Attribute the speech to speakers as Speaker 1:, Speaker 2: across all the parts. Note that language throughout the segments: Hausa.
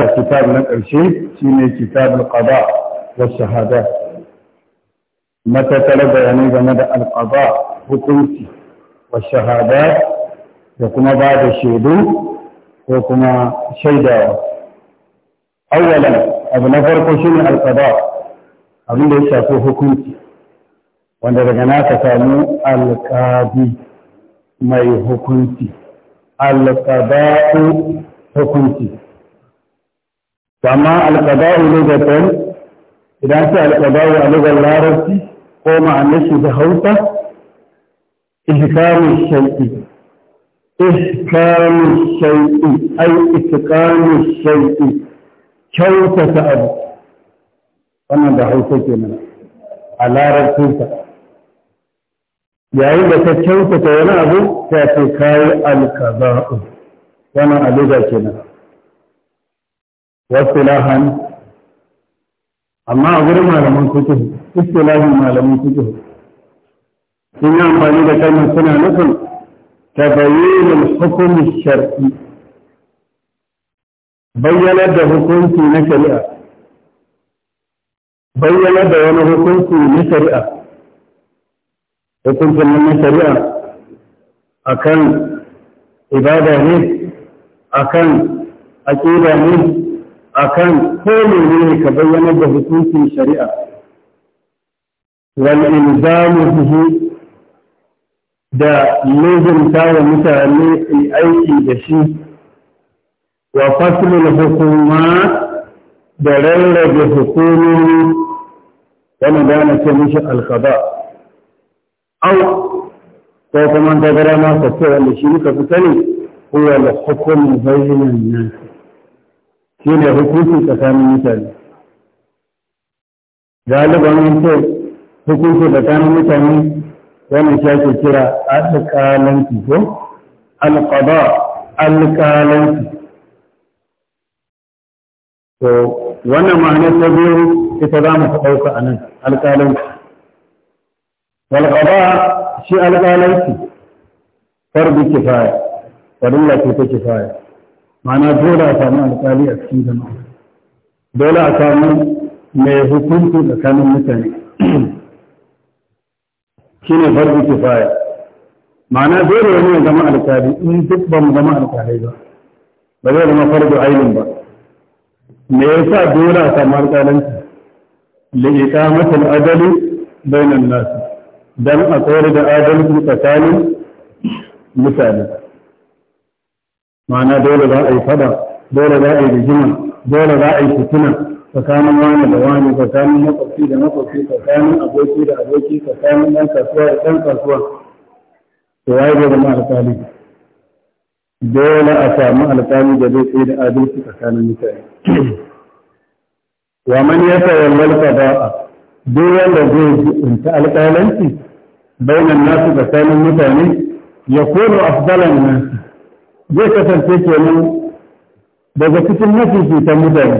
Speaker 1: الكتاب من الأرشيد كتاب القضاء والشهادات matattara bayanai game da alƙaba hukunci wa shahada da kuma ba da shaidu ko kuma shaidawa awwalan abu na farko shi ne alƙaba abin da ya shafi hukunci wanda daga na ka samu alƙabi mai hukunci alƙaba'u hukunci amma alƙaba'u lugatan idan sai alƙaba'u a lugar larabci ko ma'anar shi da hausa ihkamu shay'i ihkamu shay'i ai ihkamu shay'i kyautata abu wannan da hausa kenan a larabcinsa yayin da ka ta wani abu ta ce kayi alkaza'u wannan aluga kenan wasu lahan amma a gurin malaman suke istilahin malaman suke sun yi amfani da kalmar suna nufin tabayyinul hukumin shar'i bayyanar da hukunci na shari'a bayyanar da wani hukunci na shari'a hukuncin na shari'a akan ibada ne akan aqida ne akan ko ne ka bayyana da hukuncin shari'a wal inzamu bihi da lazimta wa mutane su aiki da shi wa faslul hukuma da rarrabe hukumomi wani da na ce mishi alkaba au ko kuma ta gara ma ka ce wanda shi muka fi sani huwa hukumin bayyanan nan shi ne hukunci tsakanin mutane galiban an ce hukunci tsakanin mutane wani shi ke kira alƙalanci ko alƙaba alƙalanci to wannan ma'anar ta biyu ita za mu ɗauka a nan alƙalanci alƙaba shi alƙalanci farbi kifaya farin lafi ta kifaya mana dole a samu alƙali a cikin jama'a dole a samu mai hukunci tsakanin mutane shi ne farko faya. ma'ana dole wani ya zama alƙali in duk ba mu zama alƙalai ba ba zai zama farko ainihin ba me yasa dole a samu alƙalanci liƙamata al'adali bainan nasu dan a tsayar da adalci tsakanin mutane معناه دولة لا أي فضاء دولة لا أي جمل دولة لا أي فتنة فكان وانا دواني فكان مطفي دا مطفي فكان أبوكي دا أبوكي فكان ما كسوا كان كسوا فواي دولة ما أتالي دولة أسامة أتالي جدي في الأدل في فكان المتاعي ومن يتولى الفضاء دولة جيد انت ألقى بين الناس فكان المتاعي يكون أفضل الناس zai kasance kenan daga cikin mafi mafifitan mutane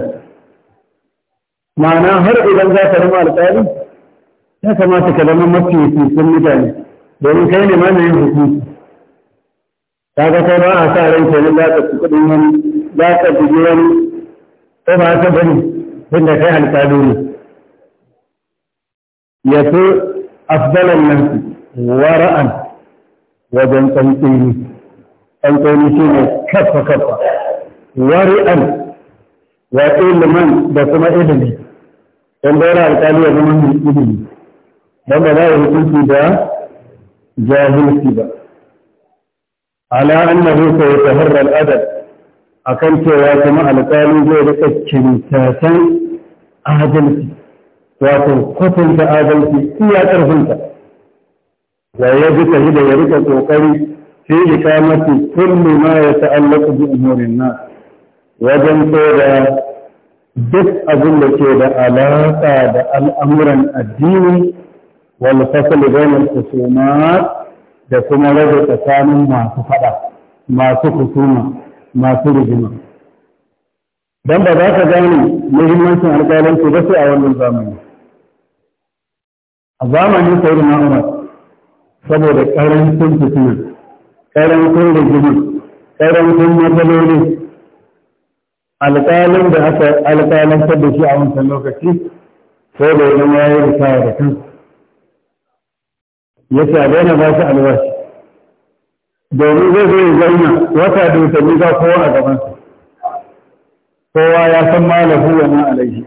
Speaker 1: ma'ana har idan za ka zama alƙali ya kamata ka zama mafifitan mutane domin kai ne mana yin hukunci ga kai ba a sa ran kenan za ka fi wani za ka bugi wani ko ba ka bari da kai alƙali ne ya fi afdalan nan wara'an wajen tsantsini tsantsoni shi ne kafa kafa wari'an wa ilimin da kuma ilimi don daura alkali ya zama ilimi don ba za a hukunci da jahilci ba ala na sai ya al'adar a kan cewa kuma alkali zai rika cintatan adalci wato kwatanta adalci iya ƙarfinta wa ya ji da ya rika ƙoƙari في إقامة كل ما يتعلق بأمور الناس وجن كذا duk abin da ke da alaƙa da al'amuran addini wal fasali bainar da kuma rage tsakanin masu faɗa masu kusuma masu rigima don ba za ka gane muhimmancin alƙalanci ba sai a wannan zamani a zamani sauri na umar saboda ƙarancin fitina da rigimi karantun matsaloli alƙalin da aka alƙalantar da shi a wancan lokaci sai da yi ya yi da kawo da kan ya sa a daina ba shi alwashi domin zai zai zauna wata da watanni za kowa a gabansa kowa ya san malahu wa ma alaihi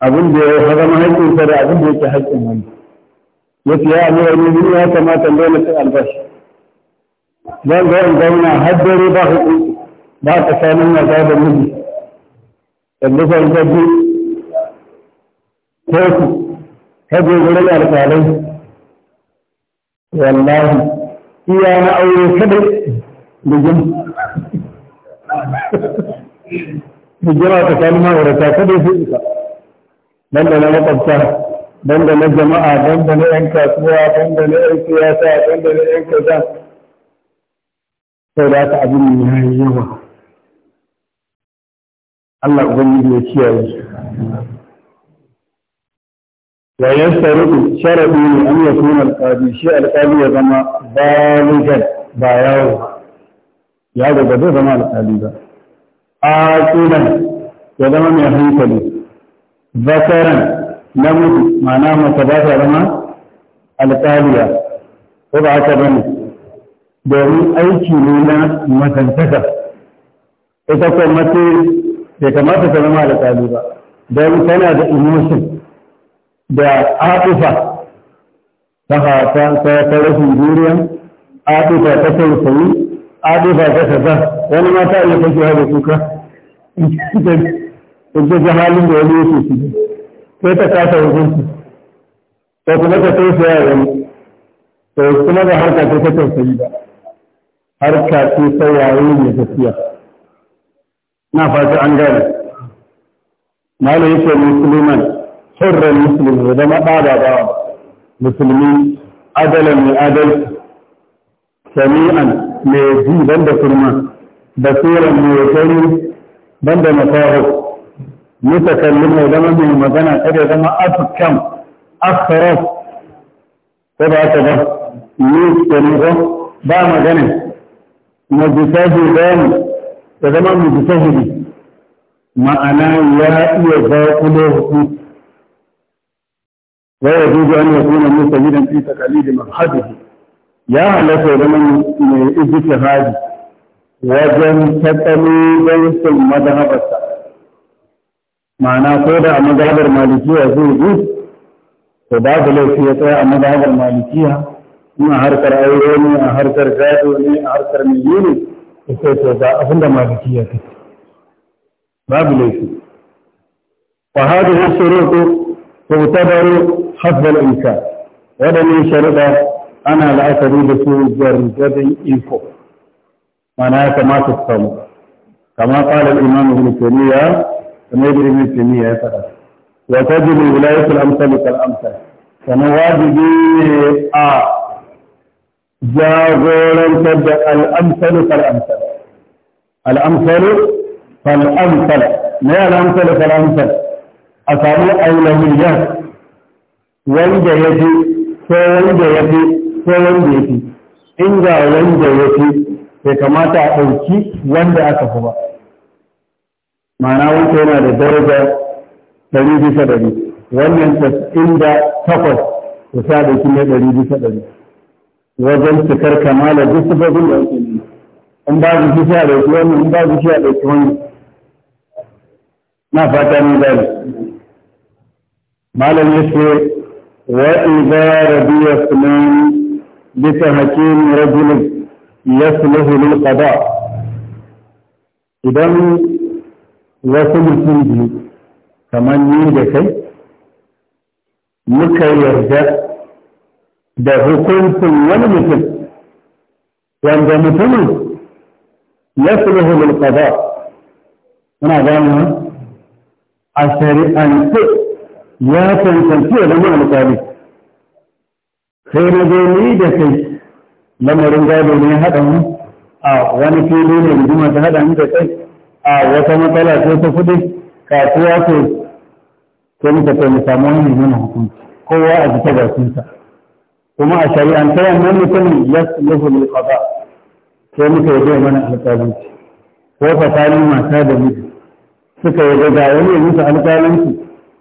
Speaker 1: abin da ya zama haƙƙinsa da abin da yake haƙƙin wani ya fiye a amira ne ya kamata dole sai albashi zan ga in zauna har dare ba hukunci ba ka samun mata da miji yanzu ka yi gaji kotu wurin alƙalai wallahi iya na aure kada bugin bugina ta samun ma'aurata kada su isa dan da na makwabta dan da na jama'a dan da na 'yan kasuwa dan da na 'yan siyasa dan da na 'yan kaza sai da aka abin ya yi yawa Allah ubangiji ya kiyaye wa yastaru sharadu ne an yakuna alqadi shi alqadi ya zama baligan ba yawo ya daga zai zama alqadi ba aqilan ya zama mai hankali zakaran namiji ma'ana mace ba ta zama alqaliya ko ba haka bane domin aiki ne na matantaka ita ko mace bai kamata ta zama alƙali ba don tana da emotion da atufa ta hata ta ta rashin juriya atufa ta tausayi atufa ta ta ta wani mata iya kashe da kuka in ga halin da wani yake shi sai ta kasa hukunci ko kuma ta tausaya wani to kuma ba harka ta ta tausayi ba harka ce ta yayi mai tafiya na fata an gane malam yake musulman hurran musulmi da zama ɗada da musulmi adalan mai adal sami'an mai ji ban da kurma basiran mai gani ban da masahu mutakallin mai zama mai magana kada zama afkam akharaf ko ba ta ba ni da ni ba magana da ya zama mujtahidi ma'ana ya iya zaƙulo hukunci wa yajuzu an yakuna mustamidan fi taqalidi mazhabihi ya halatta da nan mai ijtihadi wajen taqalidan sun madhabarsa ma'ana ko da a madhabar malikiya zai zuzu, to babu laifi ya tsaya a madhabar malikiya in a harkar aure ne a harkar gado ne a harkar miyi ne da sai to ba abin da maliki ya kace babu laifi fa hadhihi shurut tu'tabaru hasb al-imkan wadannan sharuda ana la'akari da su gargadin iko mana ya kamata su samu kama qala al-imam ibn taymiya kama ibn taymiya ya faɗa wa tajibu wilayatul amsal kal amsal kana wajibi a jagorantar da al'amsalu fal'amsal al'amsalu fal'amsal na yi al'amsalu fal'amsal a samu aulamiyyar wanda ya fi ko wanda ya fi ko wanda ya fi in wanda ya fi bai kamata a ɗauki wanda aka fi ba ma'ana wanda yana da daraja ɗari bisa ɗari wannan tas'in inda takwas ku sa da shi ne ɗari bisa ɗari wajen cikar kamala duk babin da ake yi in babu shi a ɗauki wani in su shi a ɗauki wani na fata ne da malam ya ce wa ya rabiya sunan bisa hakim ya yasluhu lil qada idan wasu mutum biyu kamar ni da kai muka yarda da hukuncin wani mutum wanda mutumin ya sulhu bil qada muna gani a shari'ance ya cancanci da zama alƙali sai na zai ni da kai lamarin gado ne haɗa mu a wani fili ne rigima ta haɗa mu da kai a wata matsala ce ta kuɗi kasuwa ce sai muka ce mu samu wani ne hukunci kowa a jita bakinsa kuma a shari'anta wannan mutumin ya sulhu lil qada sai muka yi mana alƙalanci ko fasalin mata da miji suka yi ga wani ya musu alƙalanci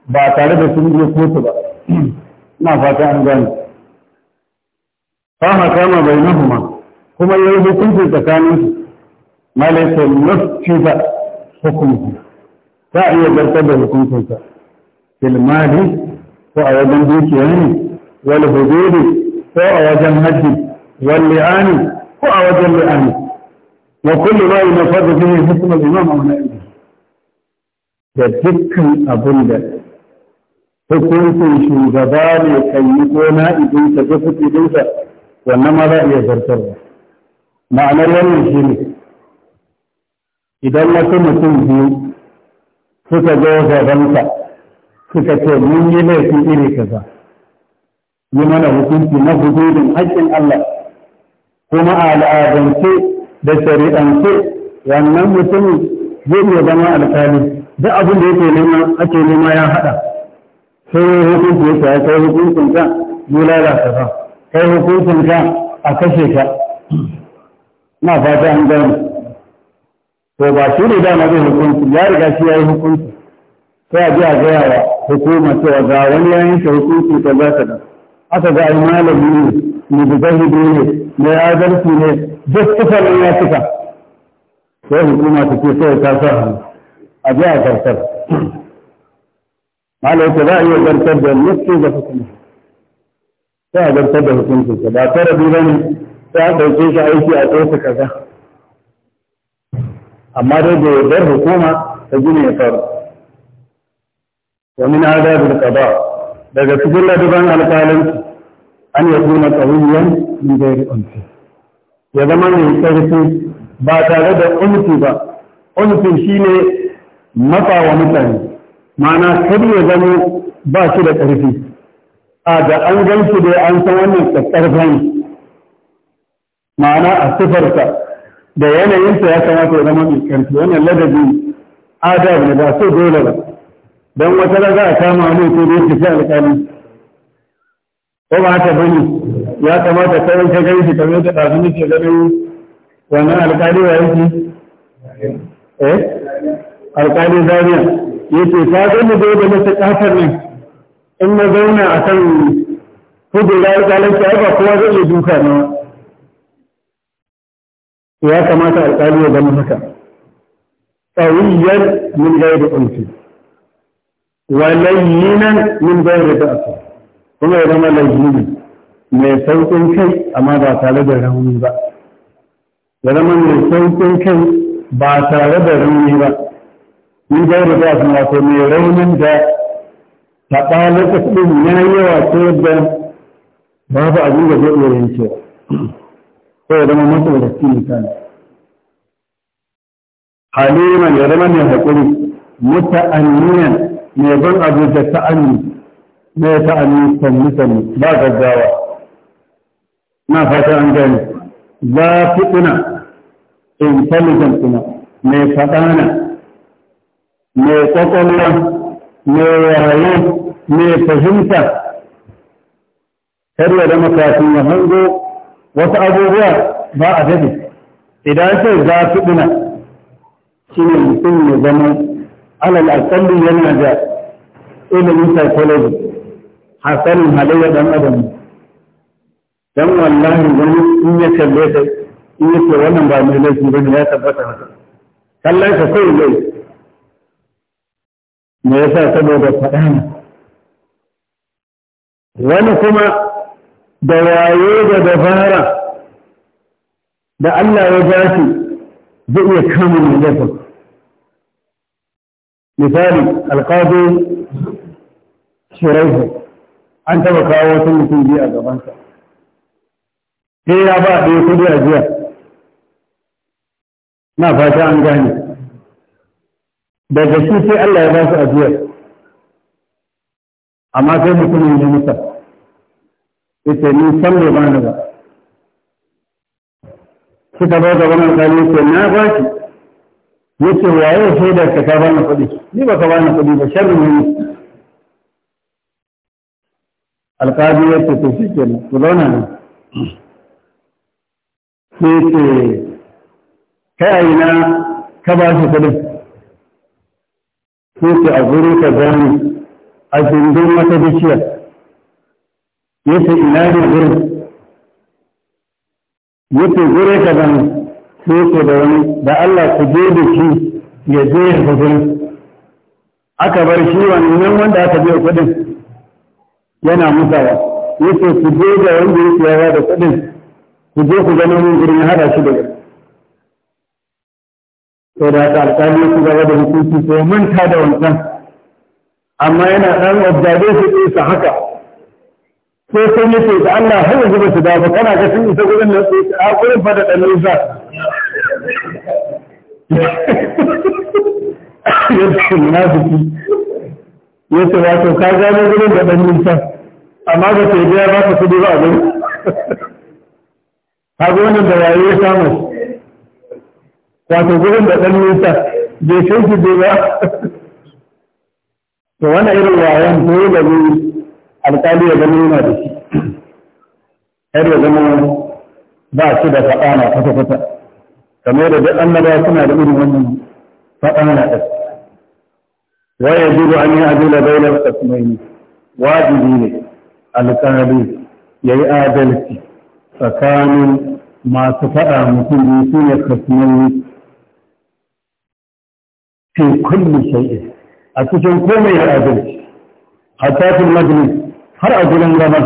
Speaker 1: ba tare da sun je kotu ba ina fata an gane fa hakama bainahuma kuma yayi hukunci tsakanin su malaika nafsiza hukunci ta iya zartar da hukuncinsa fil ko a wajen dukiya ne wal hududi ko a wajen haddi, wal li'ani ko a wajen li'ani wa kullu ma yunafadu bihi hukm al-imam wani na'ibi da dukkan abin da hukuncin shugaba ne kan yi ko na'ibinsa ko fitidinsa wannan ma za a iya zartarwa ma'anar wannan shi ne idan wasu mutum biyu suka zo gabanka suka ce mun yi laifin iri kaza yi mana hukunci na hududin haƙƙin Allah kuma al'adance da shari'ance wannan mutumin zai iya zama alƙali duk abin da yake nema ake nema ya haɗa sai hukunci ya kai kai hukuncin ka yi lalata ka kai hukuncin ka a kashe ka na fata an gani to ba shi ne dama zai hukunci ya riga shi ya yi hukunci sai a ji a gaya wa hukuma cewa ga wani yayin shi hukunci ka za ta da aka ga ai malami ne mujtahidi ne mai adalci ne duk kusa nan ya cika sai hukuma ta ce sai ta sa hannu a ji a zartar malai ta za a iya zartar da nufi da hukuma sai a zartar da hukunci ba tara biyu ba ne sai a ɗauke shi aiki a tsosa kaza amma dai da yardar hukuma ta gina ya faru wa min adabul qada daga cikin ladaban alƙalin an ya kuna ƙawiyan min gairi ya zama mai ƙarfi ba tare da unfi ba unfi shine ne wa mutane ma'ana kar ya zama ba shi da ƙarfi a da an gansu da an san wannan ƙarfin ma'ana a sifarsa da yanayinsa ya kamata ya zama mai ƙarfi wannan ladabi adab ne ba so dole ba don wata za a kama ne ko dai ka ci alƙali ko ba ta bani ya kamata kai ka gani shi kamar da ɗazu ke gani wannan alƙali wa yake eh alƙali zariya yake ta gani dai da mata ƙasar ne. in na zauna a kan kudura alƙalin ta ba kowa zai iya duka na ya kamata alƙali ya zama haka tsawiyar min gaida ƙunfi wa layyinan min ghairi da'fi kuma ya zama layyinan mai saukin kai amma ba tare da rauni ba ya zama mai saukin kai ba tare da rauni ba min ghairi da'fi wato mai raunin da taɓa lokacin ya yawa ta yadda babu abin da zai iya yankewa ko ya zama masa da cikin misali haliman ya zama mai haƙuri muta'anniyan mai ban abu da ta'anni mai ta'ani sannu sannu ba gaggawa na fata an gani za fi in intelligent kuma mai fadana mai ƙwaƙwalwa mai wayo mai fahimta karya da makafin ya hango wasu abubuwa ba a daɗe idan sai za fi ɗina shi ne mutum ya zama alal akalli yana da ilimin psychology hasanin halayya dan adam dan wallahi wani in ya kalle ka in ya ce wannan ba mai laifi bane ya tabbata haka kallon ka kai zai. me yasa saboda faɗa wani kuma da waye da dabara da Allah ya ba shi zai iya kama mai laifin misali alƙado shiraihu an taɓa kawo wasu mutum biyu a gabansa sai ya ba ɗaya kudi a jiya na fata an gane daga shi sai Allah ya ba su ajiyar amma sai mutumin ya musa yace ni san bai bani ba suka bai gaban alƙali ce na ba shi yace waye shaidar ka ba na kuɗi ni ba ka ba na kuɗi ba sharri ne alƙadi ya ce to shikenan ku zauna ne sai ce kai a na ka ba shi kuɗin sai ce a guri ka gani a jindin wata bishiya ce ina ne gurin ce gure ka gani sai da wani da Allah ku je da shi ya je ya tafi aka bar shi wannan wanda aka biya kuɗin yana musawa yake ku je da wanda ya yawa da kuɗin ku je ku gano mun gurin hada shi da to da ta alƙali ku gaba da hukunci ko manta da wancan amma yana ɗan objabe su sa haka sai sun sai da Allah har yanzu ba su dafa kana ga sun isa gurin nan sai a ah, gurin fada da ɗan nisa
Speaker 2: yadda munafiki
Speaker 1: ya ce wato ka gano gurin da ɗan nisa amma ba ta biya ba ta kudi ba a gurin kaga wannan da waye ya samu wato gudun da ɗan nisa bai kai ki ba to wannan irin wayan ko da ne alƙali ya zama yana da shi har ya zama ba shi da faɗa na kwata-kwata kamar da duk annaba suna da irin wannan faɗan na ɗas wa ya jibu an yi adila bainar kasmaini wajibi ne alƙali ya yi adalci tsakanin masu faɗa mutum ne su ne kasmai fi kulli shay'in a cikin komai ya adalci A fil majini har a gudun gaba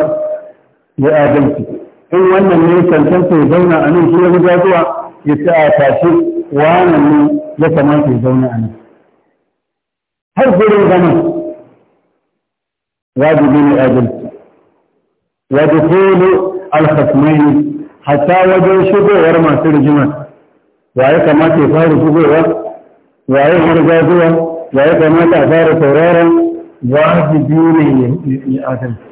Speaker 1: ya adalci in wannan ne cancanta ya zauna a nan shi ya zuwa ya ce a tashi wannan ne ya kamata ya zauna a nan har gurin zama wajibi ne adalci wa dukulu al-khasmaini hatta wajen shigowar masu rigima waye kamata ya fara shigowa waye harga zuwa waye kamata a fara sauraron wajibi ne ya adalci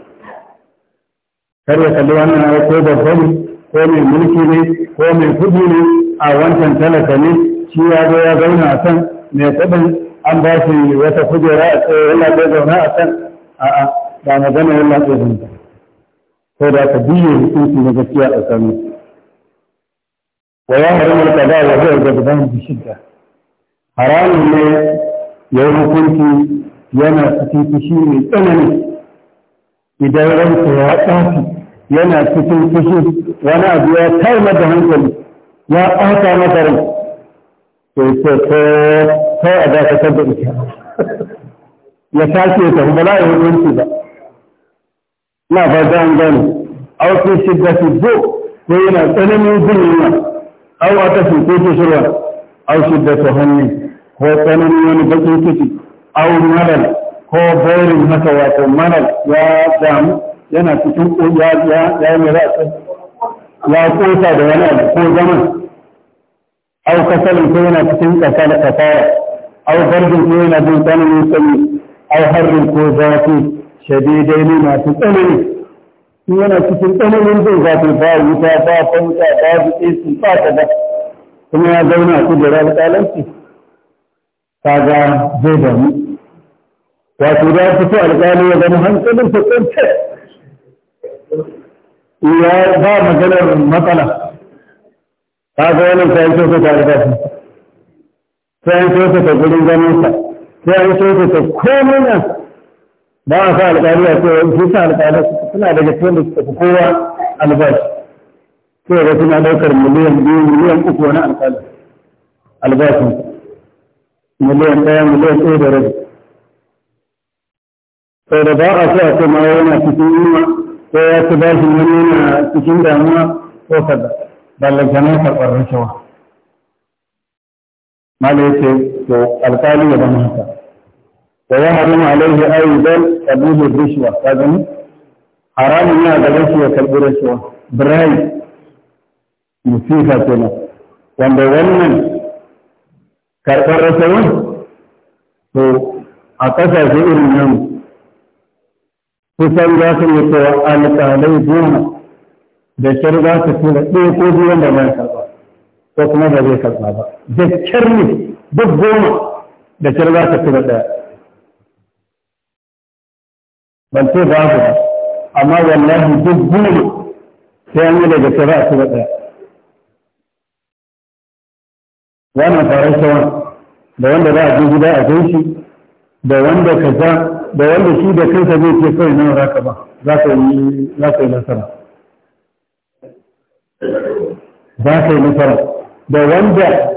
Speaker 1: kar ya kalli wannan ya ko babban ko mai mulki ne ko mai kudi ne a wancan talaka ne shi ya zo ya zauna a can mai kudin an ba shi wata kujera a tsaye yana bai zauna a can a'a ba magana yana bai zauna ko da ka biye hukunci na gaskiya a sami wa ya haramar kaza wa zai gaggaban bishidda haramun ne ya yi hukunci yana cikin fushi mai tsanani idan ranka ya tsafi yana cikin fushi wani abu ya kai mata hankali ya ɓata mata rai to ce ko kai a dakatar da ita ya sake ta ba za a yi hukunci ba na ba za gani. gane auki shidda su zo ko yana tsananin jin yunwa an wata su ko ta shirya au shidda su hannu ko tsananin wani bakin kici au maral ko borin haka wato maral ya damu yana cikin ya ya yi ra'ayi ya kosa da wani abu ko zaman au kasalin ko yana cikin kasa da kasara au garbin ko yana jin tsananin sanyi au harbin ko zafi shadidai ne masu tsanani in yana cikin tsananin jin zafi ba wuta ba fanta ba buƙi ba ta ba kuma ya zauna a kujerar alƙalanci kaga zai damu wato da fito alƙali ya zama hankalin sa tsantsan ya ba maganar matsala ta ga wani sai so ta riga shi sai so ta gurin ganin sa sai so ta komai nan ba a sa alƙali a cewa su sa alƙalai suna daga cikin da suka fi kowa albashi sai ga suna ɗaukar miliyan biyu miliyan uku wani alƙalai albashin miliyan ɗaya miliyan ɗaya da rabi sau da ba a so a ce ma yana cikin yunwa ko ya ci bashi wani yana cikin damuwa ko kaza ballantana karɓar rashawa mala ya ce to alƙali ya zama haka wa ya ma alaihi ayyudan kabilu rashawa. ka gani haramun yana da rashi ya karɓi rashawa birai musifa kenan wanda wannan karɓar rashawa? to a ƙasashe irin nan kusan za su yi cewa alƙalai goma da kyar za su tura ɗaya ko biyu wanda ba ya karɓa ko kuma ba zai karɓa ba da kyar ne duk goma da kyar za su tura ɗaya ban ce ba su ba amma wallahi duk goma sai an yi daga kyar za a tura ɗaya wannan faransawa da wanda za a ji gida a gaishe da wanda ka za. da wanda shi da kansa zai ce kawai nan za ka ba za ka yi nasara za ka yi nasara da wanda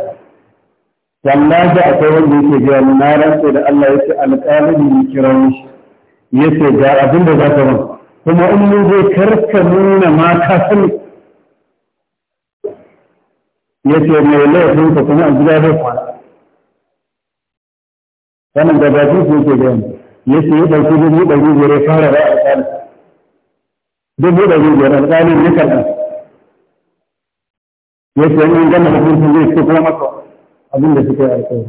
Speaker 1: wallahi akwai wanda yake biya na rantsa da Allah ce alƙalin ne kira shi yace ga abin da za ka ba kuma in mun zai karka nuna ma ka sani yace mai laifin ka kuma a gida zai kwana wannan da su ke yake ya ce ya ɗauki dubu ɗari biyar ya fara ba alƙali dubu ɗari biyar alƙalin ya karɓa ya ce in gama hukuncin zai ce kuma maka abin da suka yi alƙali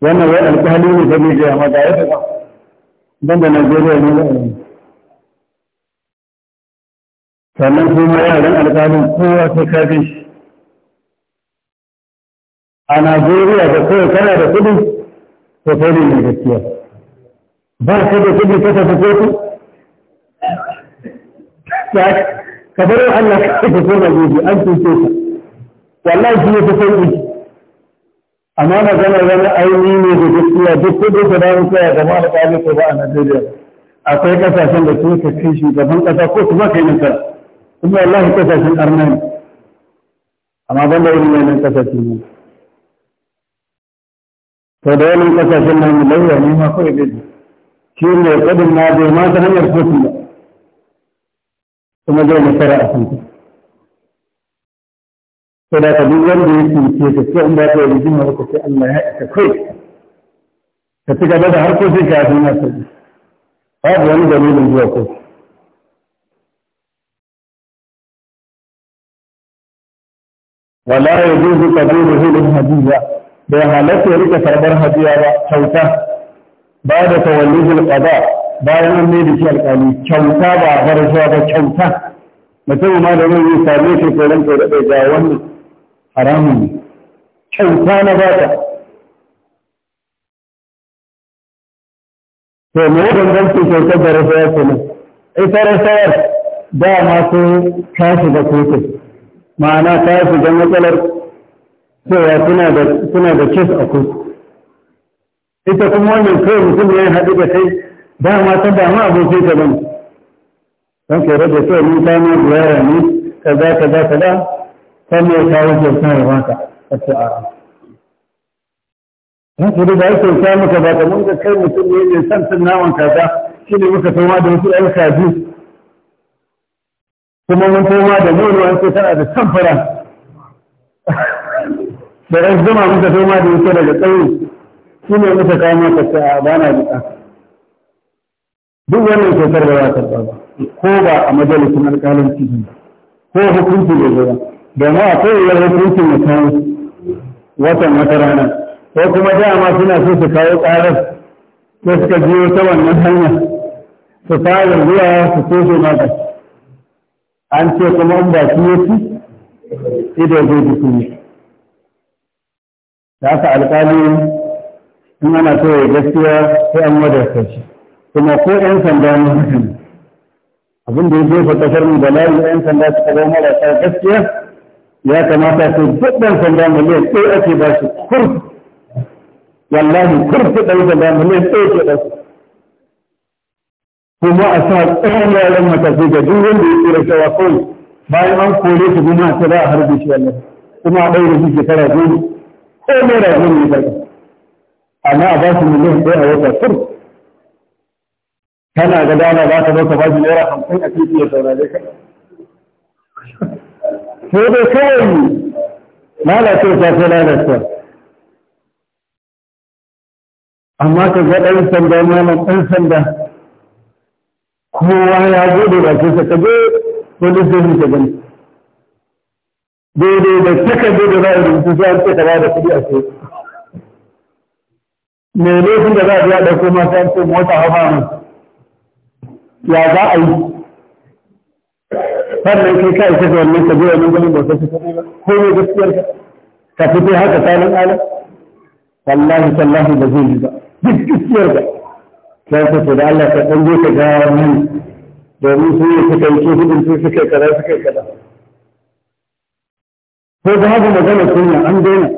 Speaker 1: wannan wai alƙali ne da zai gaya da ya taɓa ban da Najeriya ne da alamu sannan kuma yaran alƙalin kowa sai kafin a Najeriya da kowa kana da kuɗi to kai ne mai gaskiya ba ka da kudi ka tafi kotu ka bar Allah ka tafi ko gobe an tuce ka wallahi shi ne ta san ji amma magana wani aini ne da gaskiya duk kudin da za mu tsaya gaba da kali ko ba a Najeriya akwai kasashen da sun ka kai shugaban kasa ko kuma kai nasara kuma wallahi kasashen arna ne amma ban da irin wannan kasashe ne to da wannan kasashen nan mu lauya ne ma kawai dai كيف يقدم ماضي ما تنمي رسوك الله ثم جاءنا سراء سنك فلا تبين بيسي كي تسلعن ذاته ويجمع وكفي الله يتخي فتك بدا هرقو في كافي ما سنك هذا يعني دليل الجواكو
Speaker 2: ولا يجوز
Speaker 1: قبوله للهديه بهالتي لك تربر هديه وحوته ba da tawallihul qada bayan an mai da shi alƙali kyauta ba a barsha ba kyauta mutum ma da zai yi same shi ko ran kai da ga wannan haramun ne kyauta na ba ta to me ya bambanci kyautar da rasawar kenan ita rasawar dama ko ka shiga kotun ma'ana ta shiga matsalar cewa suna da kes a kotu ita kuma wannan kawai mutum ya yi haɗu da kai dama ta dama abokin ka bane don ka rage kawai mun kama ziyara ne kaza kaza kaza ne ya kawo kyautar da maka a su'ara don ku da aikin kyauta maka ba ta mun ga kai mutum ya mai son cin naman kaza shi ne muka toma da wasu ɗan kaji kuma mun toma da nono an ce tana da samfara da ran zuma muka toma da wasu daga tsaye shi ne muka kawo maka ce a bana na duk wannan kyautar da za ta ba ko ba a majalisun alƙalin ciki ko hukuncin da zuwa ma a koyar hukuncin da kawo watan wata rana ko kuma dama suna so su kawo ƙarar ko suka biyo ta wannan hanya su fara zuwa su so maka an ce kuma an ba su yaki ido zai ji kuma da haka alƙalin in ana so ya gaskiya sai an wadarta shi kuma ko 'yan sanda ne haka abin da ya jefa kasar mu da layin 'yan sanda suka zama marasa gaskiya ya kamata su duk ɗan sanda miliyan ɗaya ake ba shi kur wallahi kur su ɗan sanda miliyan ɗaya ke ɗansu kuma a sa tsayin yaran matafi ga duk wanda ya tsira cewa kawai bayan an kore shi kuma a za a harbe shi wallahi kuma a ɗaure shi shekara goma ko naira goma ne karɓa amma a ba su miliyan ɗaya a wata kur kana ga dama za ka zo ka ba shi naira hamsin a titi ya saurare ka sai dai kawai lalacewa ta sai lalacewa amma ka ga ɗan sanda malam ɗan sanda kowa ya gode sa ka je wani zai ka gani daidai da takardu da za a rubutu sai an ce ka ba da kuɗi a sai mai laifin da za a biya ɗauko mata ce mota hafa ne ya za a yi sannan kai ka isa ga wannan ka biya wannan ganin bautar ta ba ko ne gaskiyar ka ka fito haka salin ala wallahi tallahi ba zai yi ba duk gaskiyar ka sai ka to da Allah ka dan je ka ga wannan domin su ne suka yi ke hudun su suka yi kaza suka yi kaza ko da haka magana kunya an daina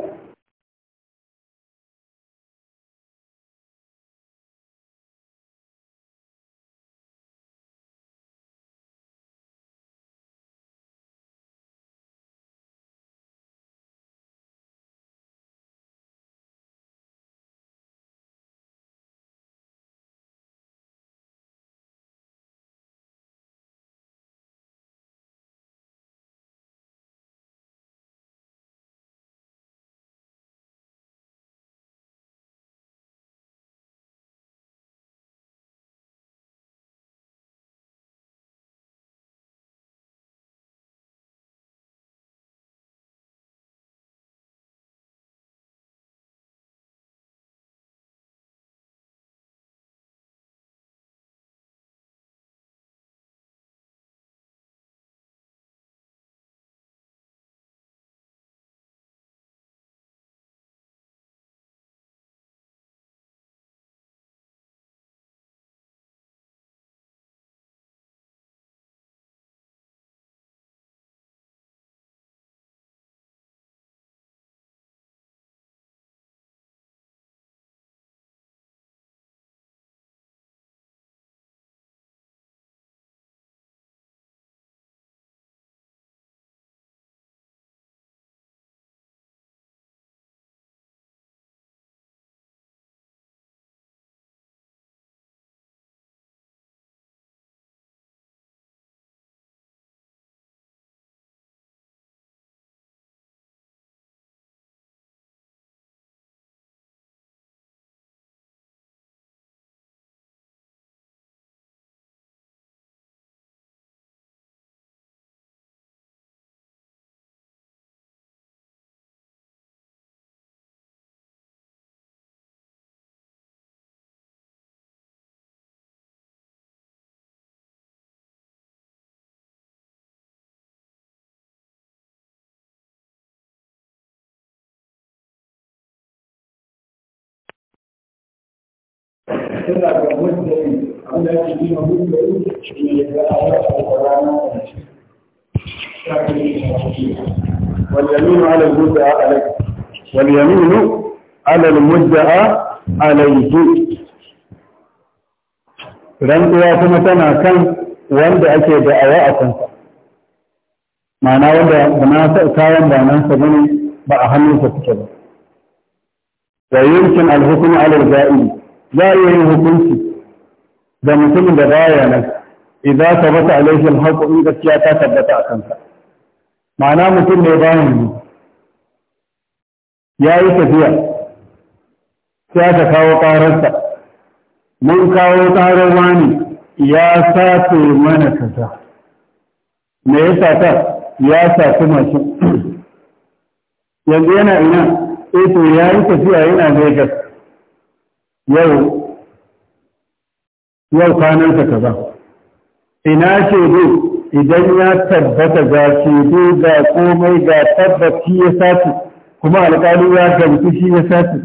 Speaker 1: tana ga mutane wanda ya ce ma mutane ne ga ayata da rana واليمين على المدعى عليه واليمين على المدعى عليه rantsuwa kuma tana kan wanda ake da'awa a kansa ma'ana wanda na kayan ba nan sa bane ba a hannunsa suke ba wa yankin alhukumu alal za'i za a yi hukunci da mutumin da baya nan idan bata alaihi alhaqu in gaskiya ta tabbata a kansa ma'ana mutum ne bayan ne ya yi tafiya sai ta kawo ƙararsa mun kawo ƙarar wani ya sace mana kaza me ya sata ya sace mashi yanzu yana ina eh to ya yi tafiya yana Lagos yau yau kwanansa kaza ina ce zo idan ya tabbata ga shaidu ga komai ga tabbaci ya sati kuma alƙalu ya gamsu shi ya sati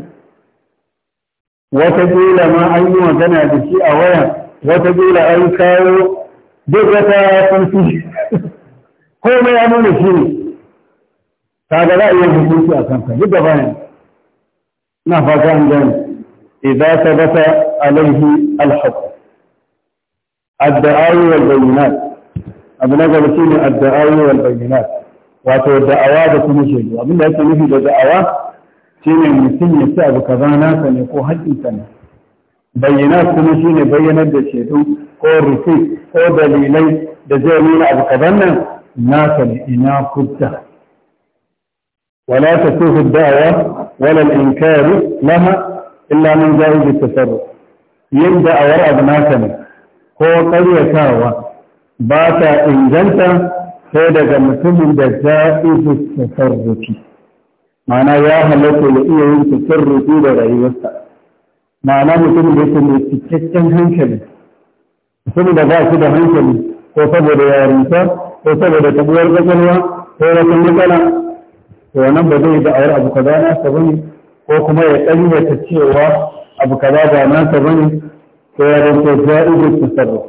Speaker 1: wata ƙila ma an yi magana da shi a waya wata ƙila an kawo duk wata ƙarfi komai ya nuna shi ne kaga za a yi hukunci a kanka duk da bayan na fata an gani إذا ثبت عليه الحق الدعاوي والبينات أبنى قلتين الدعاوي والبينات واتو الدعاوى بكم جيد ومن ذلك نفي الدعاوى تين المسلم يسعب كذانات أن يكون حد إنسان بينات كم جيد بينا بشيد كو رفيق كو دليلي دزيمين أبو كذانا ناسا لإنا كبتا ولا تسوه الدعوة ولا الإنكار لها illa min jaizi tasarruf yin da'awar abu naka ne ko ƙaryatawa ba ta inganta sai daga mutumin da jaizi tasarrufi ma'ana ya halatta ya iya yin tasarrufi da rayuwarsa ma'ana mutumin da yake mai cikakken hankali mutumin da ba shi da hankali ko saboda yarinta ko saboda tabuwar kwakwalwa ko wata matsala to nan ba zai da'awar abu kaza na sabon ko kuma ya ƙaryata cewa abu kaza ba nasa bane ko ya zanto ja'izul tasarruf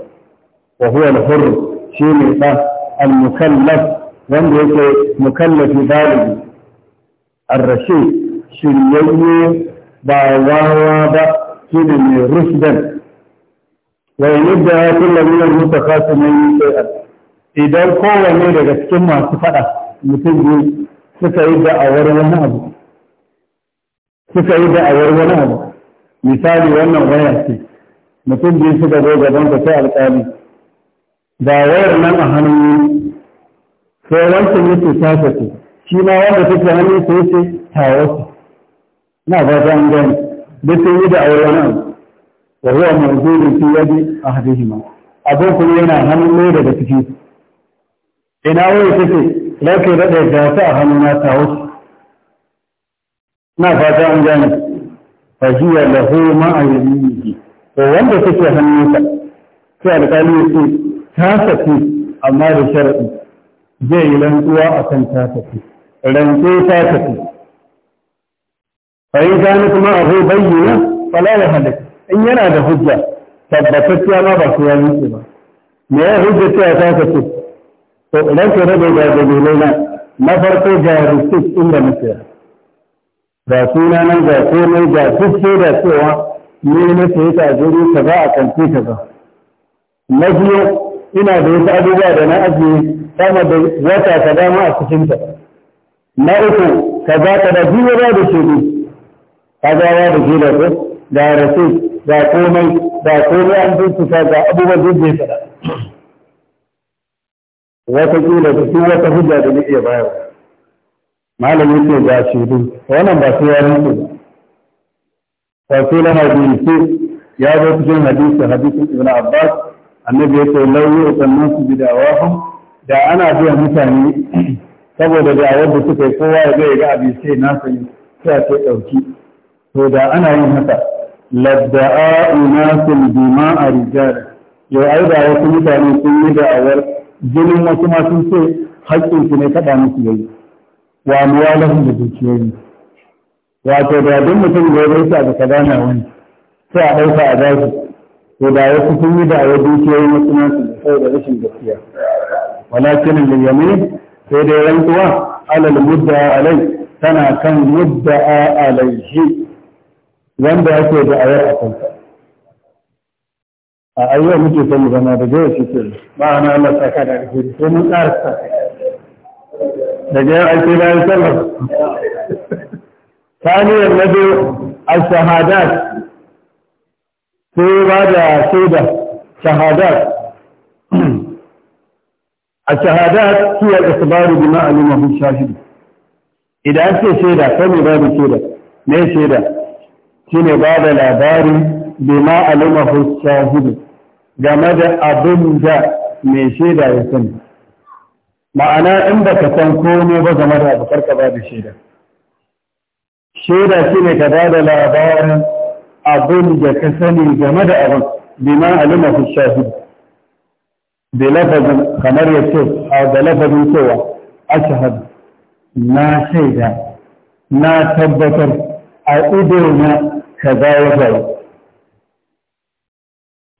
Speaker 1: wa huwa al-hurr shi ne fa al-mukallaf wanda yake mukallafi baligi ar-rashid ne ba wawa ba shi ne mai rushdan wa yadda ya kulla min al-mutakhasimin shay'an idan kowanne daga cikin masu fada mutum biyu suka yi da'awar wani abu suka yi da'awar wani abu misali wannan waya ce mutum biyu suka zo gaban ka sai alƙali Da wayar nan a hannun sai wancan yake tasa ce shi ma wanda take hannun sai ce tawo su na ba ta an gani da sun yi da'awar wani abu wa huwa mawdu'un fi yadi ma abin kuma yana hannun ne daga ciki ina waya ce? lafiya da ɗaya ta a hannun na su na fata an gane fahiya lahu ma'a yaminihi to wanda take hannunsa sai alƙali ya ce ta tafi amma da sharaɗi zai yi rantsuwa a kan ta tafi rantsuwa ta tafi fa yi gane kuma zai bayyana falawa halittu in yana da hujja tabbatacciya ma ba su ya nuke ba me ya hujja cewa ta tafi to idan ka rage ga dalilai na na farko ga risit inda muke ga suna nan ga komai ga duk sai da cewa ne na sayi ta guri ka ba a kanti ka ba na biyu ina da wasu abubuwa da na ajiye sama da wata ka dama a cikin ta na uku ka za ka da biyu ba da shi ka ga ya da gida ko ga rasu ga komai ga komai an bincika ga abubuwan duk da ya faɗa wata kila da su wata hujja da ni iya bayarwa malami ce ga shaidu wannan ba sai ya rinke ba ba sai na hadisi ya zo cikin hadisi hadisin ibn abbas annabi ya ce lauyi sannan su bidawa da ana biya mutane saboda da wanda suka yi kowa ya zai ga abin sai na sai a ce dauki to da ana yin haka ladda'a unasul a rijal yau ai da wasu mutane sun yi da'awar jinin wasu ma sun ce haƙƙin su ne kaɗa musu yayi wa amwalahum da dukiyoyi wato da duk mutum da ya bai sa da kazana wani sai a ɗauka a bashi to da wasu sun yi da a dukiyoyi wasu da sai da rashin gaskiya walakin lil yamin sai dai rantsuwa alal mudda alai tana kan mudda alaihi wanda yake da ayar a kansa a ayyuka muke son mu zama da gaya shi ke ma'ana Allah saka da alheri sai mun ƙara saka
Speaker 2: daga yau ake bayan sallar
Speaker 1: taniyar na biyu al-shahadat ba da shaida الشهادات هي الإخبار بما علمه الشاهد إذا أنت سيدة فمي باب سيدة ما سيدة شنو باب الأبار بما علمه الشاهد جمد أبن جاء من سيدة يسمى ma'ana in baka san komai ba game da abu karka ba da shaida shaida shine ka ba da labarin abin da ka sani game da abin bima alima fi shahid da lafazin kamar ya ce a da lafazin cewa ashahad na shaida na tabbatar a ido na kaza ya faru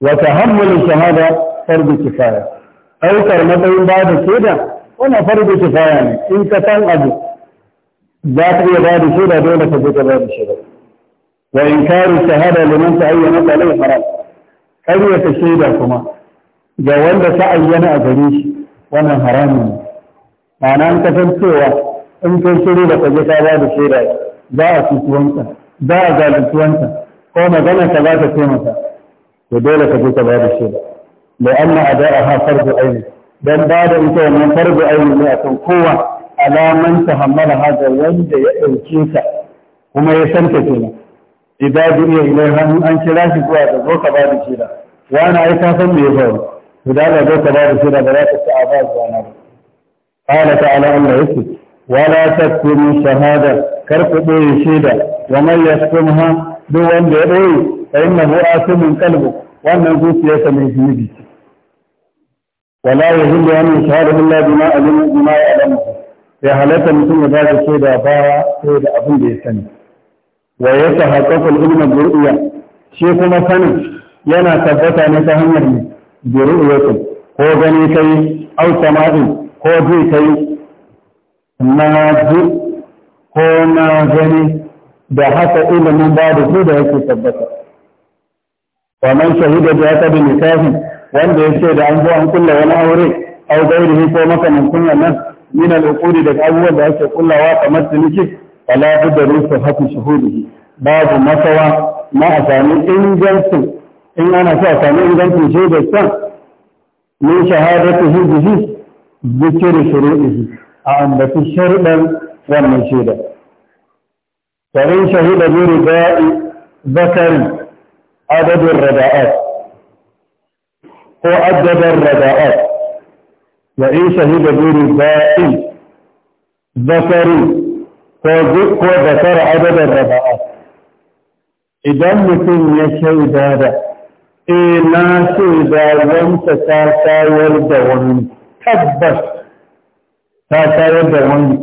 Speaker 1: wata tahammul shahada farbi kifaya ɗaukar matsayin ba da shaida wannan farko kifaya ne in ka san abu za ka iya ba da shaida dole ka je ka ba da shaida wa in karu shahada liman ta ayyana ta lai haram karyata shaida kuma ga wanda ta ayyana a gare shi wannan haramun ne ma'ana an kasancewa in kai shiru da kaje ka ba da shaida za a cutuwanka za a zaluntuwanka ko magana ka za ta taimaka to dole ka je ka ba da shaida la'anna ada'aha fardu aini dan ba da ita wannan farbi aini ne akan kowa alaman ta hammala haja wanda ya ɗauke ta kuma ya san ta kenan idan duniya ilai hannu an kira shi zuwa da zo ka ba da shida wani ai ka san me ya faru guda da Allah zo ka ba da ba za ka ci a ba zuwa na ba qala ta'ala Allah yake wala takunu shahada kar ku boye shaida wa man yaskumha duk wanda ya ɗoye fa innahu asimun qalbu wannan zuciyarsa mai zunubi ce wala ya hillu an yashhadu billahi bima alimu bima ya'lamu sai halatta mutum ya ba da shaida bawa, sai da abin da ya sani wa ya tahaqqaqu al-ilma bi shi kuma sanin yana tabbata ne ta hanyar ne bi ru'yati ko gani kai au sama'i ko ji kai na ji ko na gani da haka ilimin ba da su da yake tabbata wa man shahida da aqdi nikahi wanda ya ce da an zo an kulla wani aure au gairihi ko kunya nan min al-uqudi daga abubuwan da ake kullawa kamar ciniki fala budda rusul haqqi shuhudihi babu masawa na a sami ingancin in ana so a sami ingancin shaidar san min shahadatu hijihi zikiri shuru'ihi a ambaci sharuɗan wannan shaidar farin shahida bi rida'i zakari adadin rada'at هو أدب الرداءات وإن شهد دور الزائل ذكري فذكر ذكر أدب الرداءات إذا كن يشهد دادا إلا سيدا وانت ساسا يرد وانت تبس ساسا يرد وانت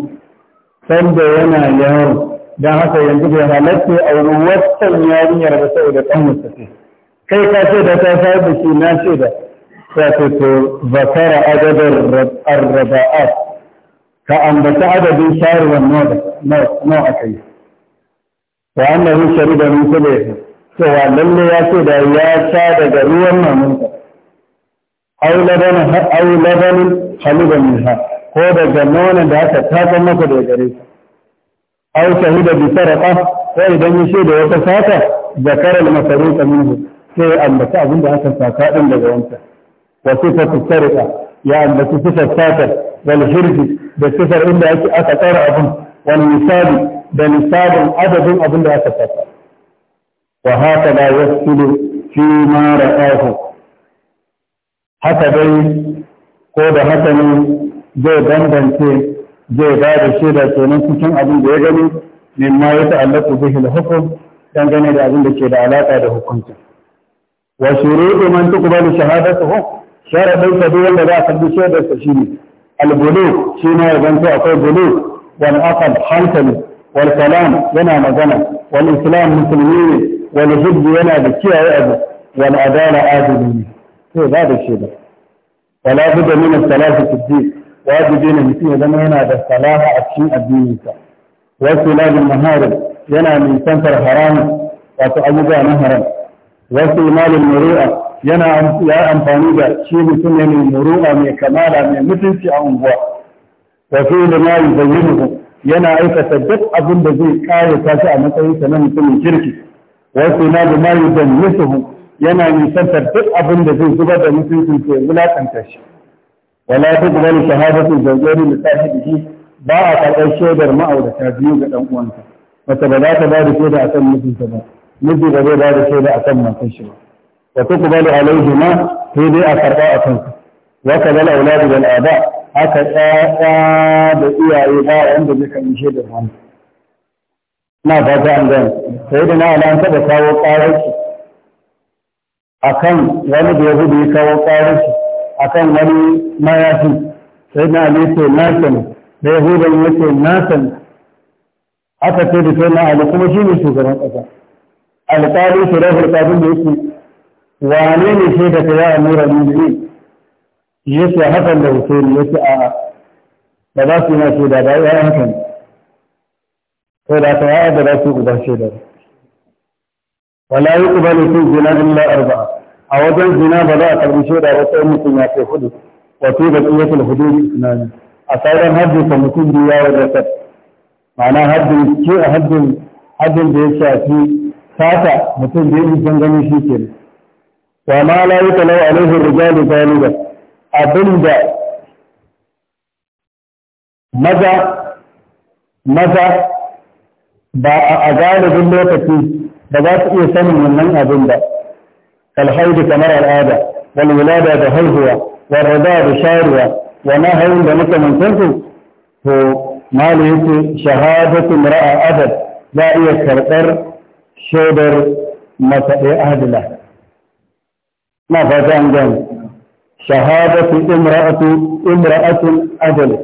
Speaker 1: فانت وانا يارو دعاك ينجب يا هلتي أو وقتا يارو يارو سيدا تنسكي kai ka ce da ta sai biki na ce da ta ce to zakara adadar arraba'at ka ambata adadin shayarwar nawa aka yi wa annahu sharida min kulli cewa lalle ya ce da ya sha daga ruwan mamansa au labanin au labanin haluba minha ko daga nonon da aka taka masa da gare ka au shahida bi saraqa ko idan ya ce da wata sata zakara al-masruqa minhu sai ya ambaci abin da aka saka ɗin daga wancan wa sifatu sarika ya ambaci sifar satar wal hirji da sifar inda ake aka tsara abin wal misali da misalin adadin abin da aka saka wa haka da yasulu fi ma ra'ahu haka dai ko da haka ne zai bambance zai ba da shaida kenan cikin abin da ya gani mimma ya ta'allaqu bihi al-hukm dangane da abin da ke da alaka da hukuncin وشروط من تقبل شهادته شرط سبيل لا أخذ شهادة شيء البلوغ شيما يبنتو أقول بلوغ والعقد حنكلي والكلام ينا مدنة والإسلام مسلمين والحج ينا بكي أبو والعدالة عادلين هذا هذا الشيء فلا بد من الثلاثة في الدين واجبين مثل زمان ينا بالصلاة أكشين الدين وسلال المهارب ينا من سنتر حرام وتؤيد نهرا wasu malin muru'a yana ya amfani da shi mutum ne mai muru'a mai kamala mai mutunci a unguwa wasu da mali zayyinuhu yana aikata duk abin da zai kare ta shi a matsayin sa na mutumin kirki wasu na da mali zayyinuhu yana nisantar duk abin da zai zubar da mutuncin ke wulakanta shi wala tuqbalu shahadatu zawjaini li sahibihi ba a karɓar shaidar ma'aurata biyu ga ɗan uwanka wata ba za ta ba da shaida akan mutunta ba miji ba zai ba da shaida a kan matan shi ba wa tuqbalu alayhi ma sai dai a karɓa a kansu wa kadal auladu wal aba haka tsatsa da iyaye ba wanda zai kan shaida wani na fata an gani sai da na alan taɓa kawo ƙararki akan wani da ya gudu ya kawo ƙararki akan wani mayafin sai na ali ce na sani da yahudan ya ce na sani aka ce da sai na ali kuma shi ne shugaban ƙasa alƙali su rahu alƙalin da yake wane ne sai da kaya a nura mumini yake hakan da hussein yake a ba za su yi na shaida ba ya hakan sai da ta yaya da za su uba shaida wala yi ba ne sun zina illa arba'a a wajen zina ba za a karbi shaida ba sai mutum ya ce hudu wato da tsiyatul hududi islami a sauran haddin sa mutum biyu ya wadatar ma'ana haddin ke a haddin haddin da ya shafi fata mutum biyu in sun gani shi ke wa ma la yi talau alaihi rijalu galiba abinda maza maza ba a galibin lokaci ba za su iya sanin wannan abin ba kalhaidu kamar al'ada wal wulada da haihuwa wal rada da shayarwa wa nahayin da makamantansu to malu yake shahadatu mar'a adab za a iya karɓar شبر متى أهدلة ما فتان جان شهادة امرأة امرأة أجل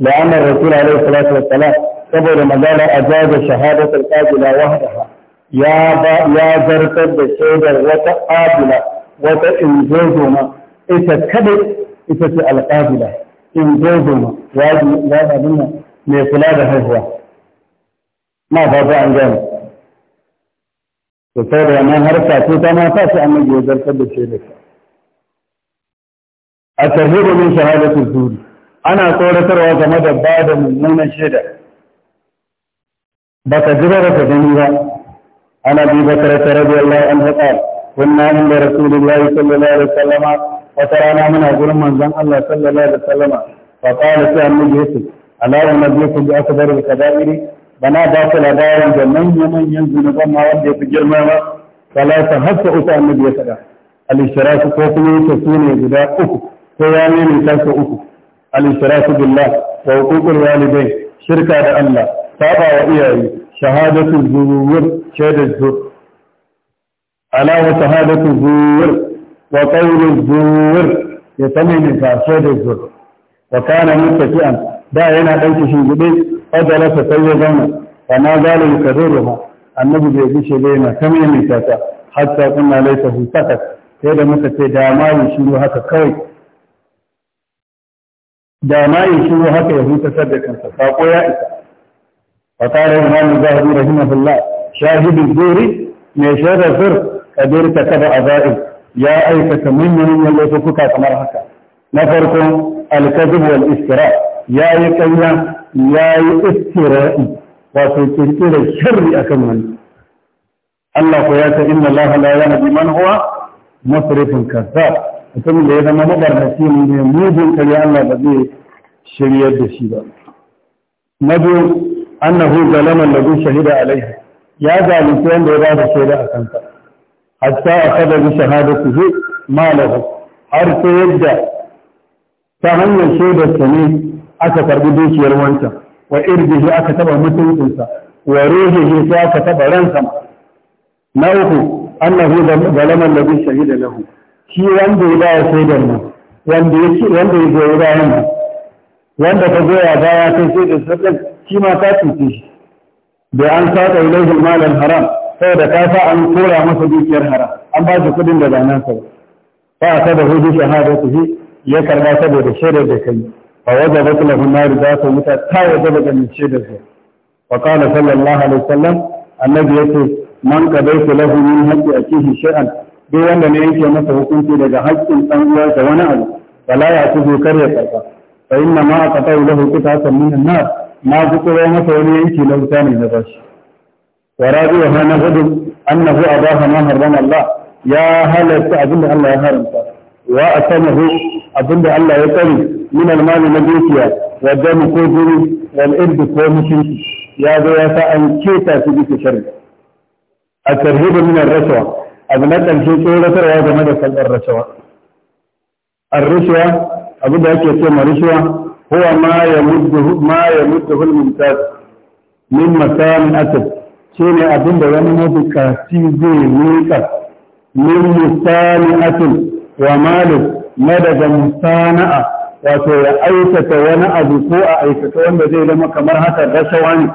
Speaker 1: لأن الرسول عليه الصلاة والسلام قبل ما قال أجاز شهادة الأدلة وحدها يا با يا زرت بشبر وتا أدلة وتا إذا كبر إذا سأل أدلة إنجوزهما واجب لا بد منه من صلاة هذا ما فاتوا عن ذلك فتوري يعني أمان هرسا سيطة ما فاتوا عن مجيو ذلك الشيء لك الترهيب من شهادة الزور أنا أقول ترى وزمة بعد من نون الشيء بك جبرة جميلة أنا أبي بكرة رضي الله عنه قال كنا عند رسول الله صلى الله عليه وسلم وترانا من أجر من زن الله صلى الله عليه وسلم فقال سيدنا يوسف ألا أن نبيكم بأكبر الكبائر Bana ba su labarin da manya-manyan zunuban ma wanda ya fi girma ba talata hasa uku annabi ya faɗa al-ishraku ko kuma yake su ne guda uku ko ya nemi kansa uku al-ishraku billah wa huququl walidai. shirka da Allah saba wa iyaye shahadatu zuwur shaida zur ala wa shahadatu zuwur wa qawlu zuwur ya sani ne ka shaida zur wa kana muttaqian da yana ɗauke shi gudu fadala ta sai ya zauna fa ma zala yukarriruha annabi bai gushe ba yana ta maimaita ta hatta kunna laita hu sakat sai da muka ce da ma yi shiru haka kawai da ma yi shiru haka ya huta sadda kansa sako ya isa fa qala imam zahabi rahimahullah shahidu zuri mai shaidar zur kadir ta kada aza'i ya aikata mimmanin laifuka kamar haka na farko al wal iftira ya yi kanya ya yi istira'i wato kirkirar shirri akan wani Allah ko ya ce inna Allah la yahdi man huwa musrifun kazzab mutumin da ya zama mabarnaci ne mugun kare Allah ba zai shiryar da shi ba na biyu annahu zalama lahu shahida alaihi ya zalunci wanda ya bada shaida a kansa hatta akada bi shahadatihi malahu har sai yadda ta hanyar shaidar sa ne aka karbi dukiyar wancan wa irjihi aka taba mutuncinsa wa ruhihi sai aka taba ransa na uku annahu zalama alladhi shahida lahu shi wanda ya ba sai da nan wanda ya wanda ya goyi bayan nan wanda ka goya baya kai sai da sabbin shi ma ka cuce shi da an saka ilaihi malan haram saboda ka sa an tura masa dukiyar haram an ba shi kudin da ba nan ba fa ta da hudu shahadatu ya karba saboda shaidar da kai fa wajabat lahu nar da ta wuta ta wajaba da mace da su wa qala sallallahu alaihi wasallam annabi yace man qadaitu lahu min a akihi shay'an duk wanda ne yake masa hukunci daga haƙƙin dan da wani abu Bala ya tuzo kar ya karba fa inna ma qatau lahu qitatan min an-nar ma zuƙuro masa wani yanki na wuta ne na bashi wa rabi'u hana hudu annahu abaha ma harrama Allah ya halarci abin da Allah ya haramta wa asamahu abinda Allah ya tsare min almali na dukiya wa damu ko jini wal irdi ko mutunci ya zo ya sa an keta su bisa sharri a tarhibu da ar-rashwa abu na ƙarshe tsoratarwa game da sallar rashawa A rashwa abin da ake ce ma rashwa huwa ma ya ma yamuddu al-mumtaz min makan asad shine abin da wani mabukaci zai miƙa min musani asad wa malu na daga musana'a wato ya aikata wani abu ko a aikata wanda zai zama kamar haka da shawani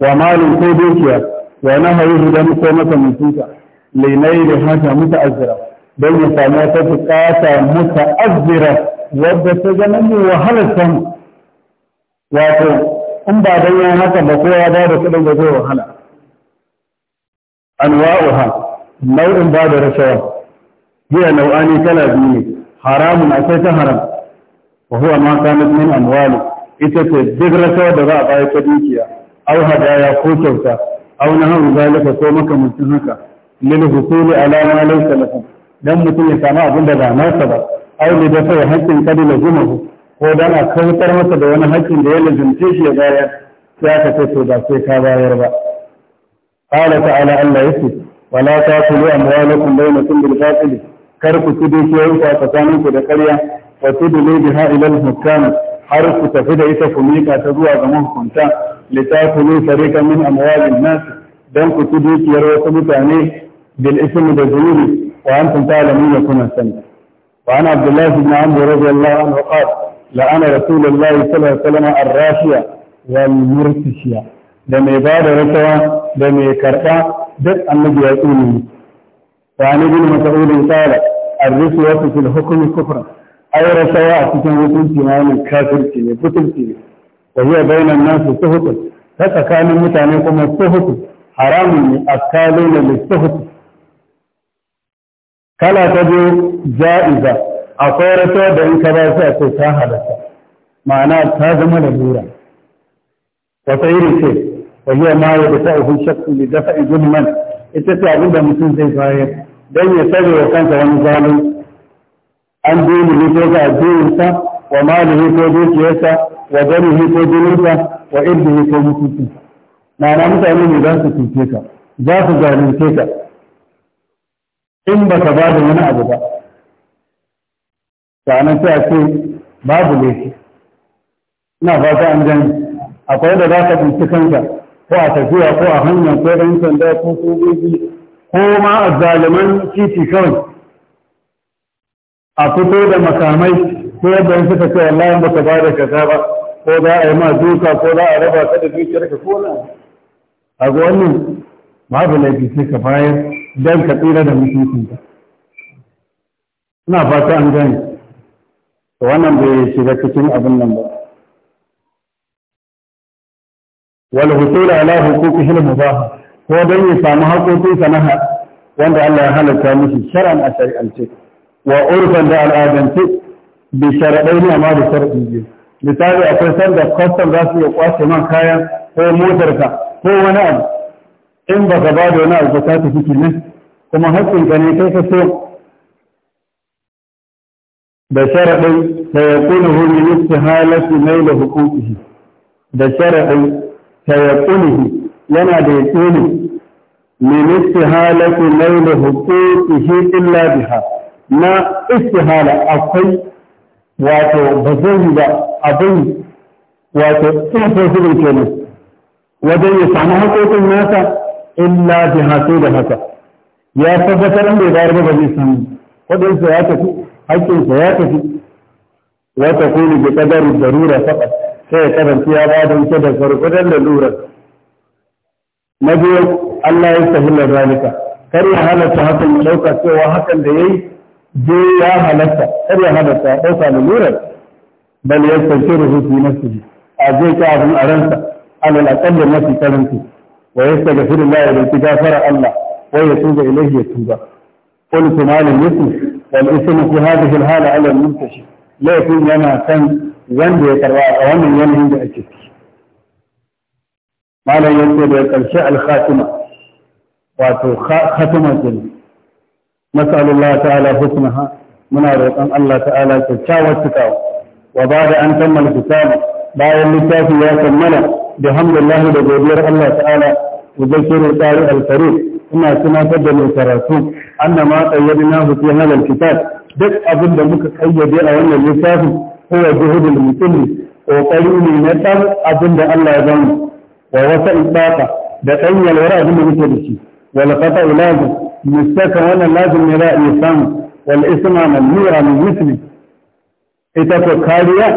Speaker 1: wa malin ko dukiya wa na hayi da ko masa mutunta lainai da haka muta'azzira don ya samu ta bukata muta'azzira wadda ta zama mai wahalar samu wato in ba dan ya haka ba kowa ba da kudin da zai wahala anwa'uha nau'in ba da rashawa Jiya nau'ani kala biyu ne haramun akwai ta haram wa huwa ma kana min amwali ita ce duk rasawar da za a bayar ta dukiya au hadaya ko kyauta au na hau zalika ko mutun haka lil husuli ala ma laysa lahu dan mutum ya samu abin da ba nasa ba au li sai haƙƙin kadi la jumahu ko dan a kautar masa da wani hakkin da ya lazimce shi ya bayar sai aka ce to ba sai ka bayar ba qala ta'ala Allah yake wala taqulu amwalakum bainakum bil batil kar ku ci dukiyoyin ku a tsakanin ku da ƙarya wa tudlu biha ilal hukam har ku tafi da ita ku mika ta zuwa ga mahukunta litakulu fariqan min amwalin nas don ku ci dukiyar wasu mutane bil ismi da zunubi wa antum ta'lamuna kuna sani وعن عبد الله بن عمرو رضي da mai ba da rasawa da mai karɓa duk annabi ya tsuni وعن ابن مسعود قال الرشوة في الحكم كفرا أي رشوة في كان تمام كافر كني بطل وهي بين الناس سهوت فتكان متعنيكم السهوت حرام أكالون للسهوت كلا تجو جائزة أطورة بإن كباسة تساهلة معناه تازم لبورا وطير شيء وهي ما يدفعه الشخص لدفع ظلما اتتعبد مسلم زي فاير don ya sani wa kansa wani zalun an dini ne ko ga addininsa wa malihi ko dukiyarsa wa ganihi ko jininsa wa ibni ko mutunci ma'ana mutane ne za su cuce ka za su zalunce ka in ba ka bada wani abu ba sa'anan sai a ce babu laifi ina ta an gani akwai da za ka tsinci kanka ko a tafiya ko a hanyar ko ɗan sanda ko sojoji ko ma zaliman titi kawai a fito da makamai ko yadda yin suka ce wallahi ba ka bada kaza ba ko za a yi ma duka ko za a raba ta da dukiyar ka ko na a ga wannan babu laifi sai ka bayar don ka tsira da mutuncinka ina fata an gani. to wannan bai shiga cikin abin nan ba wal husula ala huquqihil ba? ko don ya samu haƙoƙinsa na wanda Allah ya halatta mishi shar'an a shari'ance wa urfan da al'adance bi sharaɗai ne amma da sharaɗi ne. misali akwai sanda kwastam za su iya kwace man kayan ko motarka ko wani abu in baka ba da wani abu ka tafi kenan kuma haƙƙinka ne kai ka so da sharaɗai ta ya kuna hulun istihalati mai da hukuki da sharaɗai ta ya kuna yana da yaƙini min istihalati nail huquqihi illa biha na istihala akwai wato bazai ba abin wato impossible kenan wajen ya samu haƙoƙin nasa illa bi hasu da haka ya tabbatar da bayar ba zai samu waɗansa ya tafi haƙƙinsa ya tafi ya tafi ne ƙadar kadari rura faɗa sai ya karanta ya ba don da farko da lura na biyu Allah ya sahila zalika kar ya halatta hakan ya dauka cewa hakan da yayi je ya halatta kar ya halatta dauka da lurar bal ya tafsiru fi nafsihi a zai ka abun a ransa alal aqall mafi karanti wa yastaghfiru Allah ya dauki gafara Allah wa yatuba ilayhi yatuba qul kuma lil wal ismu fi hadhihi al hala ala al muntashi laifin yana kan wanda ya karba a wannan yanayin da ake ciki malam yace da ƙarshe al-khatima wato khatima din masallallahu ta'ala husnaha muna roƙon Allah ta'ala kyakkyawar cikawa wa ba da an kammala kitabi bayan littafi ya kammala da hamdulillah da godiyar Allah ta'ala ubashiru tsari al-karim ina tunatar da mai karatu annama qayyadnahu fi hadha al-kitab duk abin da muka kayyade a wannan littafin huwa juhudul mutum ƙoƙari ne na ɗan abin da Allah ya bamu wa wata isaka da ɗan yalwar abin da muke da shi wal qata ilazim mustaka wannan lazim ne za a iya samu wal isma mamnura min misli ita ko kariya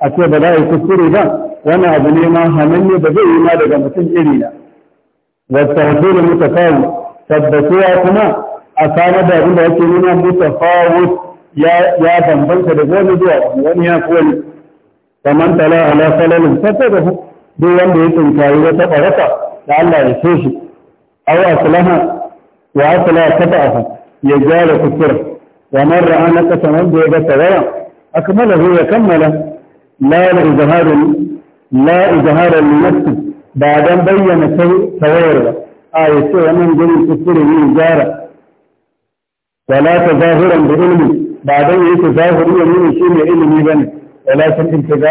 Speaker 1: a ce ba za a yi kuskure ba wannan abu ne ma hananne ba zai yi ma daga mutum iri na wata rasulun mutakawu tabbatuwa kuma a samar da abin da yake nuna ya bambanta da wani zuwa wani ya fi wani kamar tala ala salalin duk wanda ya tuntari wata ƙwarata da Allah ya ce shi, Awa asalaha wa asala ta ta'afa ya gyara kusur, wa man ra'a na ƙasa ya ga tawaya, a kuma da ya kammala la izharin la izharin nafsi ba dan bayyana sai tawayar ba. A ya ce wa man gurin kusur ya gyara. Wa la ta zahiran da ilimi ba dan ya yi ta zahiri ya nuna shi ne ilimi ba ne, wa la ta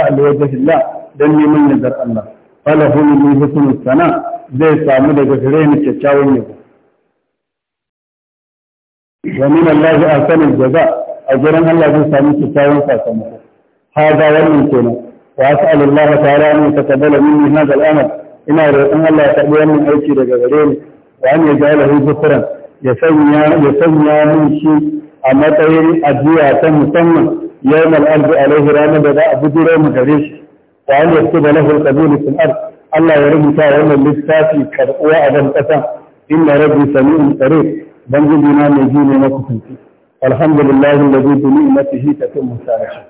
Speaker 1: a da wajen don neman nazar Allah fala hu min husnul sana zai samu daga gare ni kyakkyawan yabo wa min Allah ahsanul jaza a gurin Allah zai samu kyakkyawan sakamako hada wannan kenan wa as'al Allah ta'ala an yataqabbala minni hadha al-amal ina roƙon Allah ya karbi wannan aiki daga gare ni wa an yaj'ala hu zikran ya sanya ya sanya min shi a matsayin addu'a ta musamman yawmal ardi alaihi ranar da za a bujiro mu gare shi وأن يكتب له القبول في الأرض الله تعالى أن الإستاذ كرؤوا أبن قسم إن ربي سميع قريب بنجدنا نجيني وكفنك الحمد لله الذي بنعمته تتم الصالحات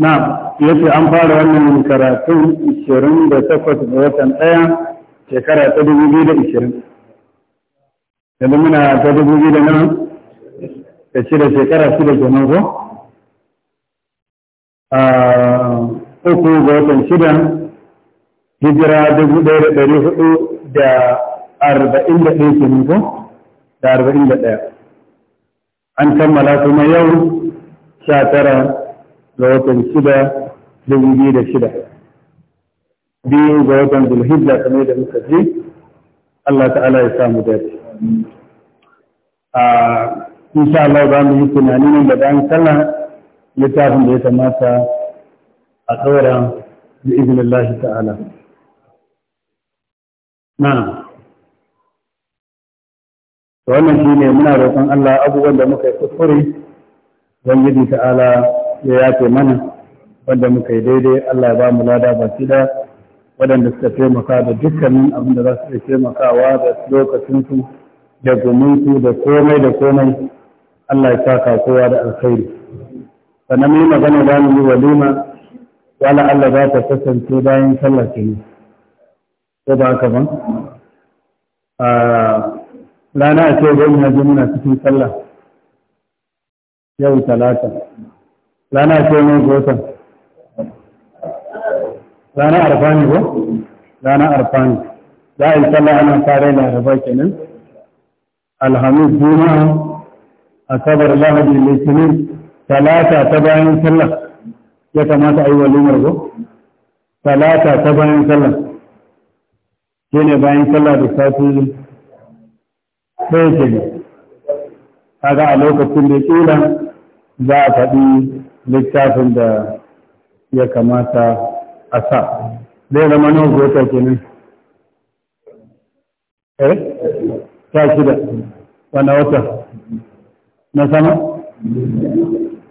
Speaker 1: نعم يسي an أن من كراتون 28 بسفت watan ɗaya شكرا ta 2020. Yanzu muna ta 2000 نعم تشير شكرا shida shekara shida uku ga watan shida hijira dubu ɗaya da ɗari hudu da arba'in da ɗaya kenan ko da arba'in da ɗaya an kammala kuma yau sha tara ga watan shida dubu biyu da shida biyu ga watan zulhijja kamar da muka ji Allah ta'ala ya samu dace a insha Allah za mu yi tunani da bayan sallah littafin da ya kamata
Speaker 2: a ɗora
Speaker 1: da izinin ta'ala. Na, da wannan shi ne muna roƙon Allah abubuwan da muka yi kuskure don yi ta'ala ya yafe mana wanda muka yi daidai Allah ya ba mu lada shi da waɗanda suka taimaka da dukkanin abin da za su iya taimakawa da lokacinsu da guminsu da komai da komai Allah ya saka kowa da alkhairi. sannan mai magana za mu yi walima wala Allah za ta kasance bayan sallah ke yi ko ba haka ba rana a ce zai na muna cikin sallah yau talata rana a ce mai gosan rana arfa ne ba rana arfa ne za a yi sallah ana fara laraba kenan alhamis juma'a asabar lahadi litinin talata ta bayan sallah ya kamata a yi walimar ko talata ta bayan sallah shi ne bayan sallah da sati ɗaya ke ne kaga a lokacin da ƙila za a faɗi littafin da ya kamata a sa zai zama nan gota kenan eh ta shida wani wata na sama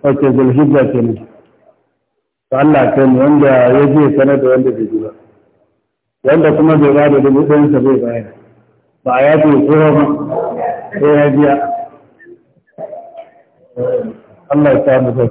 Speaker 1: ok zulhijja ke ne ta Allah ke ne wanda ya je sanar da wanda bai ji ba wanda kuma bai ba da dubu ɗayan sa bai bayar ba a yafi ko ba
Speaker 2: ko ya biya Allah ya samu